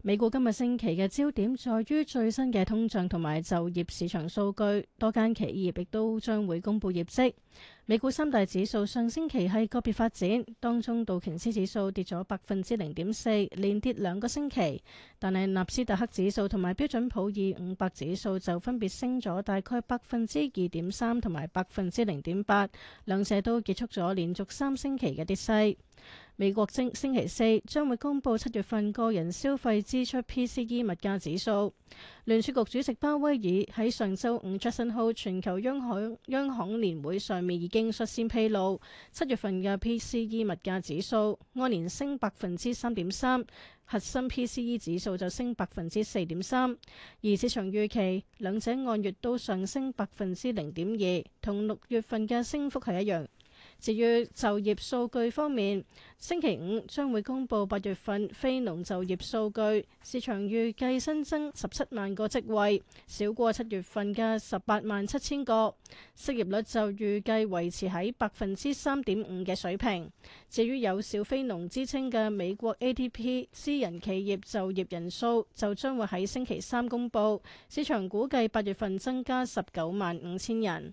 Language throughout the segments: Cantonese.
美股今日星期嘅焦點在於最新嘅通脹同埋就業市場數據，多間企業亦都將會公布業績。美股三大指數上星期係個別發展，當中道瓊斯指數跌咗百分之零點四，連跌兩個星期。但係納斯達克指數同埋標準普爾五百指數就分別升咗大概百分之二點三同埋百分之零點八，兩者都結束咗連續三星期嘅跌勢。美國星星期四將會公布七月份個人消費支出 PCE 物價指數。聯儲局主席鮑威爾喺上周五傑克遜霍爾全球央行央行年會上面已經率先披露七月份嘅 PCE 物價指數按年升百分之三點三，核心 PCE 指數就升百分之四點三。而市場預期兩者按月都上升百分之零點二，同六月份嘅升幅係一樣。至於就業數據方面，星期五將會公布八月份非農就業數據，市場預計新增十七萬個職位，少過七月份嘅十八萬七千個。失業率就預計維持喺百分之三點五嘅水平。至於有小非農之稱嘅美國 ADP 私人企業就業人數就將會喺星期三公布，市場估計八月份增加十九萬五千人。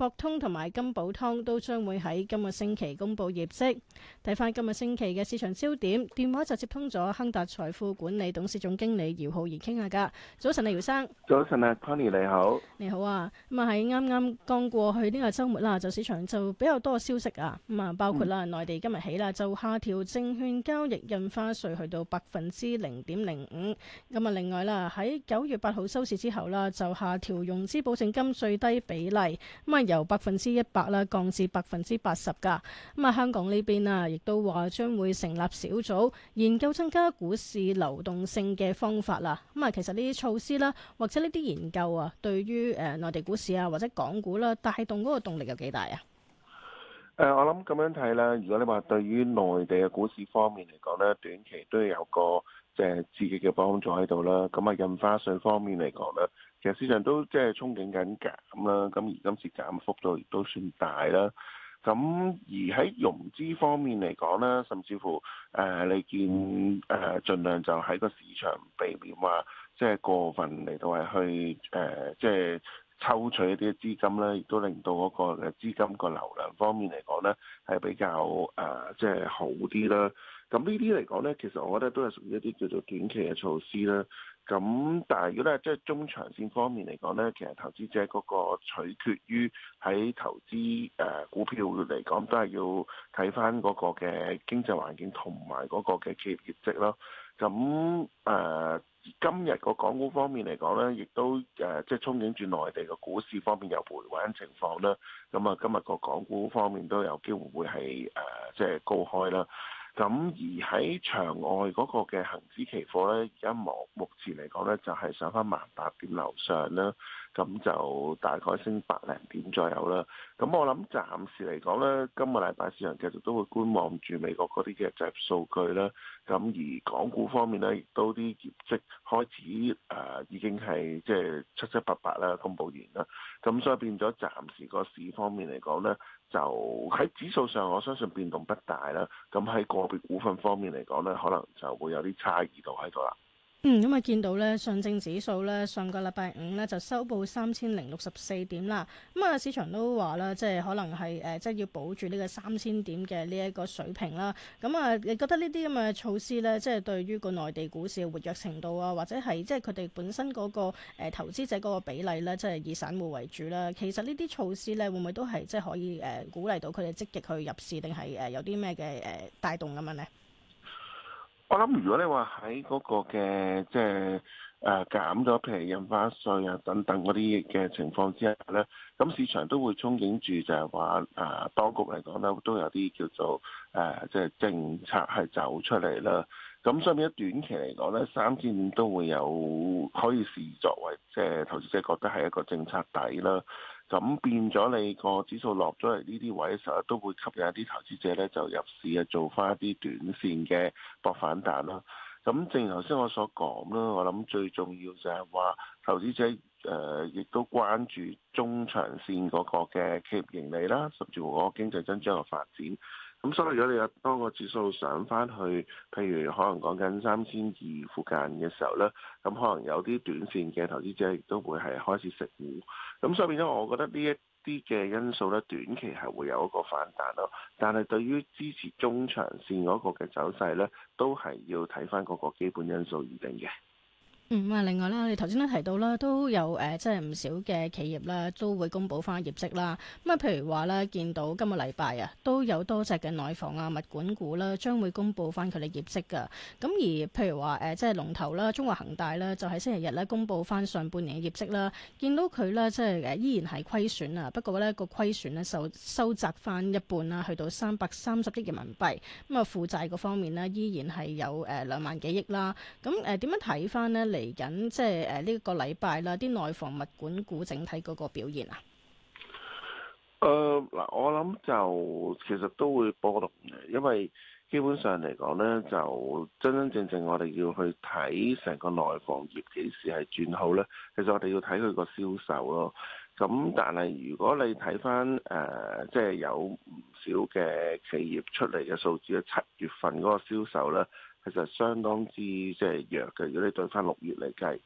博通同埋金寶湯都將會喺今個星期公布業績。睇翻今個星期嘅市場焦點，電話就接通咗亨達財富管理董事總經理姚浩然傾下噶。早晨啊，姚生。早晨啊，Tony 你好。你好啊，咁啊喺啱啱剛過去呢個周末啦，就市場就比較多消息啊，咁啊包括啦，內地今日起啦就下調證券交易印花稅去到百分之零點零五。咁啊另外啦，喺九月八號收市之後啦，就下調融資保證金最低比例。咁啊由百分之一百啦降至百分之八十㗎。咁啊，香港呢邊啊，亦都話將會成立小組研究增加股市流動性嘅方法啦。咁、嗯、啊，其實呢啲措施啦，或者呢啲研究啊，對於誒內地股市啊或者港股啦、啊，帶動嗰個動力有幾大啊？誒、呃，我諗咁樣睇啦。如果你話對於內地嘅股市方面嚟講呢，短期都有個即係刺激嘅幫助喺度啦。咁、嗯、啊，印花稅方面嚟講呢，其實市場都即係、就是、憧憬緊減啦。咁而今次減幅度亦都算大啦。咁、嗯、而喺融資方面嚟講咧，甚至乎誒、呃，你見誒，儘、呃、量就喺個市場避免話即係過分嚟到係去誒，即、呃、係。就是抽取一啲資金咧，亦都令到嗰個資金個流量方面嚟講咧，係比較誒，即係好啲啦。咁呢啲嚟講咧，其實我覺得都係屬於一啲叫做短期嘅措施啦。咁但係如果咧，即係中長線方面嚟講咧，其實投資者嗰個取決於喺投資誒股票嚟講，都係要睇翻嗰個嘅經濟環境同埋嗰個嘅企業業績啦。咁誒。呃今日個港股方面嚟講咧，亦都誒、呃、即係憧憬住內地嘅股市方面有回穩情況啦。咁、嗯、啊，今日個港股方面都有機會會係誒、呃、即係高開啦。咁、嗯、而喺場外嗰個嘅恒指期貨咧，而家、目目前嚟講咧就係、是、上翻萬八點樓上啦。咁就大概升百零點左右啦。咁我諗暫時嚟講咧，今個禮拜市場繼續都會觀望住美國嗰啲嘅就業數據啦。咁而港股方面咧，亦都啲業績開始誒、呃，已經係即係七七八八啦，公佈完啦。咁所以變咗暫時個市方面嚟講咧，就喺指數上我相信變動不大啦。咁喺個別股份方面嚟講咧，可能就會有啲差異度喺度啦。嗯，咁啊，見到咧上證指數咧上個禮拜五咧就收報三千零六十四點啦。咁啊，市場都話啦，即係可能係誒、呃，即係要保住呢個三千點嘅呢一個水平啦。咁、嗯、啊，你覺得呢啲咁嘅措施咧，即係對於個內地股市嘅活躍程度啊，或者係即係佢哋本身嗰、嗰個、呃、投資者嗰個比例咧，即係以散戶為主啦。其實呢啲措施咧，會唔會都係即係可以誒、呃、鼓勵到佢哋積極去入市，定係誒有啲咩嘅誒帶動咁樣咧？我諗，如果你話喺嗰個嘅即係誒減咗，譬如印花稅啊等等嗰啲嘅情況之下咧，咁市場都會憧憬住就係話誒，當局嚟講咧都有啲叫做誒，即係政策係走出嚟啦。咁所以喺短期嚟講咧，三千五都會有可以視作為即係投資者覺得係一個政策底啦。咁變咗你個指數落咗嚟呢啲位時，實都會吸引一啲投資者咧，就入市啊，做翻一啲短線嘅博反彈啦。咁正如頭先我所講啦，我諗最重要就係話投資者誒、呃，亦都關注中長線嗰個嘅企業盈利啦，甚至乎嗰個經濟增長嘅發展。咁、嗯、所以如果你有多個指數上翻去，譬如可能講緊三千二附近嘅時候咧，咁、嗯、可能有啲短線嘅投資者亦都會係開始食糊。咁、嗯、所以變咗，我覺得呢一啲嘅因素咧，短期係會有一個反彈咯。但係對於支持中長線嗰個嘅走勢咧，都係要睇翻嗰個基本因素而定嘅。嗯、另外啦，你頭先都提到啦，都有誒，即係唔少嘅企業啦，都會公佈翻業績啦。咁啊，譬如話呢見到今個禮拜啊，都有多隻嘅內房啊、物管股啦，將會公佈翻佢哋業績噶。咁而譬如話誒，即係龍頭啦，中國恒大啦，就喺星期日呢公佈翻上，上半年嘅業績啦。見到佢呢，即係依然係虧損啊，不過呢個虧損呢，收收窄翻一半啦，去到三百三十億人民幣。咁、嗯、啊，負債個方面呢，依然係有誒兩、呃、萬幾億啦。咁誒點樣睇翻呢？嚟緊，即係誒呢個禮拜啦，啲內房物管股整體嗰個表現啊？誒嗱，我諗就其實都會波動嘅，因為基本上嚟講咧，就真真正正我哋要去睇成個內房業幾時係轉好咧。其實我哋要睇佢個銷售咯。咁但係如果你睇翻誒，即係有唔少嘅企業出嚟嘅數字，七月份嗰個銷售咧，其實相當之即係弱嘅。如果你對翻六月嚟計，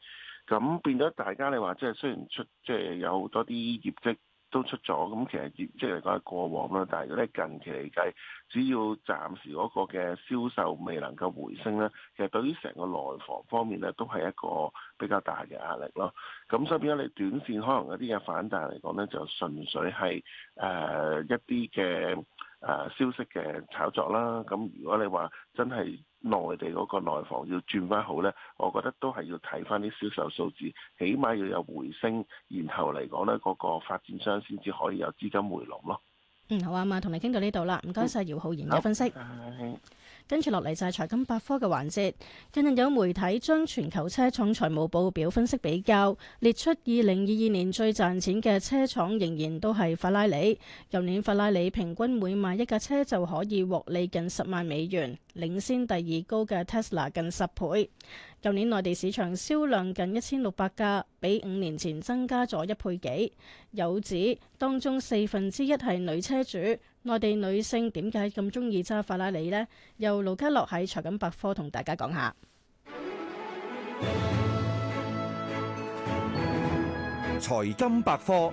咁變咗大家你話，即係雖然出即係有好多啲業績。都出咗，咁其實業績嚟講係過往啦。但係如果你近期嚟計，只要暫時嗰個嘅銷售未能夠回升咧，其實對於成個內房方面咧，都係一個比較大嘅壓力咯。咁所以變咗你短線可能一啲嘅反彈嚟講咧，就純粹係誒、呃、一啲嘅。誒消息嘅炒作啦，咁如果你話真係內地嗰個內房要轉翻好呢，我覺得都係要睇翻啲銷售數字，起碼要有回升，然後嚟講呢，嗰個發展商先至可以有資金回籠咯。嗯，好啊嘛，同你傾到呢度啦，唔該晒姚浩然嘅分析。好跟住落嚟就係財金百科嘅環節。近日有媒體將全球車廠財務報表分析比較，列出二零二二年最賺錢嘅車廠仍然都係法拉利。舊年法拉利平均每賣一架車就可以獲利近十萬美元，領先第二高嘅 Tesla 近十倍。舊年內地市場銷量近一千六百架，比五年前增加咗一倍幾。有指當中四分之一係女車主，內地女性點解咁鍾意揸法拉利呢？由盧嘉樂喺財金百科同大家講下。財金百科。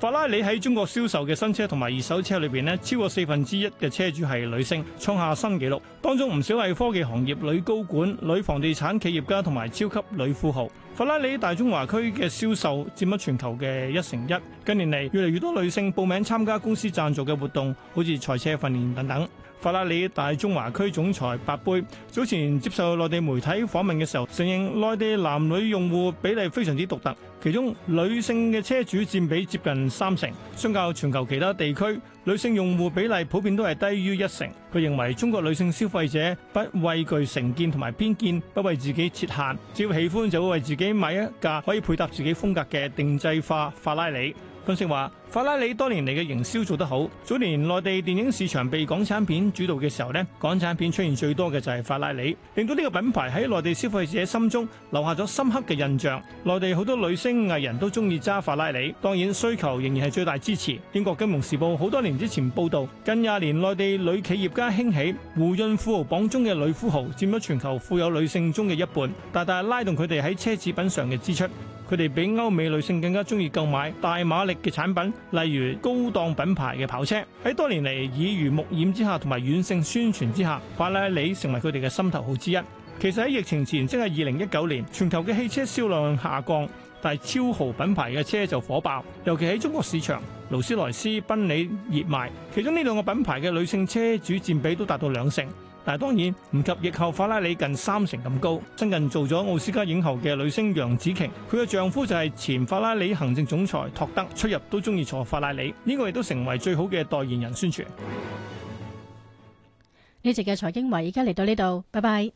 法拉利喺中國銷售嘅新車同埋二手車裏邊呢，超過四分之一嘅車主係女性，創下新紀錄。當中唔少係科技行業女高管、女房地產企業家同埋超級女富豪。法拉利大中華區嘅銷售佔咗全球嘅一成一。近年嚟，越嚟越多女性報名參加公司贊助嘅活動，好似賽車訓練等等。法拉利大中華區總裁白貝早前接受內地媒體訪問嘅時候，承認內地男女用戶比例非常之獨特，其中女性嘅車主占比接近三成，相較全球其他地區，女性用戶比例普遍都係低於一成。佢認為中國女性消費者不畏懼成見同埋偏見，不為自己設限，只要喜歡就會為自己買一架可以配搭自己風格嘅定制化法拉利。分析話，法拉利多年嚟嘅營銷做得好。早年內地電影市場被港產片主導嘅時候呢，港產片出現最多嘅就係法拉利，令到呢個品牌喺內地消費者心中留下咗深刻嘅印象。內地好多女星藝人都鍾意揸法拉利，當然需求仍然係最大支持。英國金融時報好多年之前報導，近廿年內地女企業家興起，胡潤富豪榜中嘅女富豪佔咗全球富有女性中嘅一半，大大拉動佢哋喺奢侈品上嘅支出。佢哋比歐美女性更加中意購買大馬力嘅產品，例如高檔品牌嘅跑車。喺多年嚟耳濡目染之下，同埋軟性宣傳之下，法拉利成為佢哋嘅心頭好之一。其實喺疫情前，即係二零一九年，全球嘅汽車銷量下降。但係超豪品牌嘅車就火爆，尤其喺中國市場，勞斯萊斯、賓利熱賣，其中呢兩個品牌嘅女性車主占比都達到兩成，但係當然唔及疫後法拉利近三成咁高。新近做咗奧斯卡影後嘅女星楊紫瓊，佢嘅丈夫就係前法拉利行政總裁托德出入都中意坐法拉利，呢個亦都成為最好嘅代言人宣傳。呢集嘅財經華而家嚟到呢度，拜拜。